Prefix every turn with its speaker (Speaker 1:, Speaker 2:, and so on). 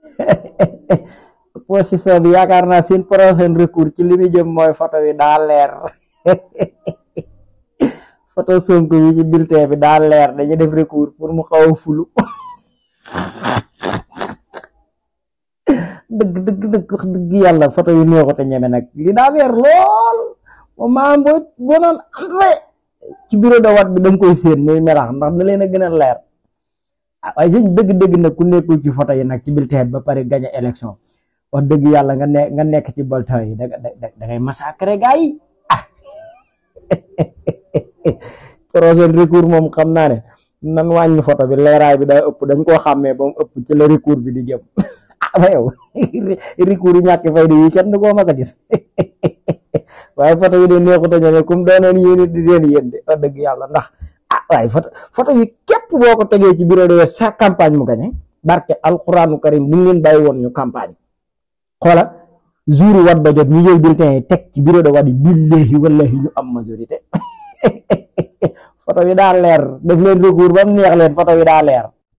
Speaker 1: position bi yaakaar naa seen prochain recours ci li mu jëm mooy photo bi daa leer photo Sonko bi ci bulletin bi daa leer dañu def recours pour mu xaw a fulu dëgg dëgg dëgg wax photo yu neexut a ñeme nag li daa leer lool moom maam boo boo noon entré ci bureau de vote bi da koy séen muy melax ndax da leen a gën a leer Ah, waaye sëñ dëgg-dëgg nag ku nekkul ci photo yi nak ci bulletin ba pare gañ a élection wax dëgg yàlla nga ne nga nekk ci bulletin yi da da ngay ah projet recours moom xam naa ne nan wàññi photo bi leeraay bi day ëpp dañ koo xàmmee ba mu ëpp ci la recours bi di jëm ah yow recours yi ñàkk fay di kenn du koo mas a gis waaye di leen yéen de wax dëgg yàlla ndax waaye photo photo yi képp boo tegee ci bureau de vote chaque campagne mu gañe barke alquranu karim bu ngeen bàyyi woon ñu campagne xoola jour wat ba jot ñu jël bulletin yi teg ci bureau de vote billahi wallahi ñu am majorité photo yi daa leer def leen recours ba mu neex leen photo yi daa leer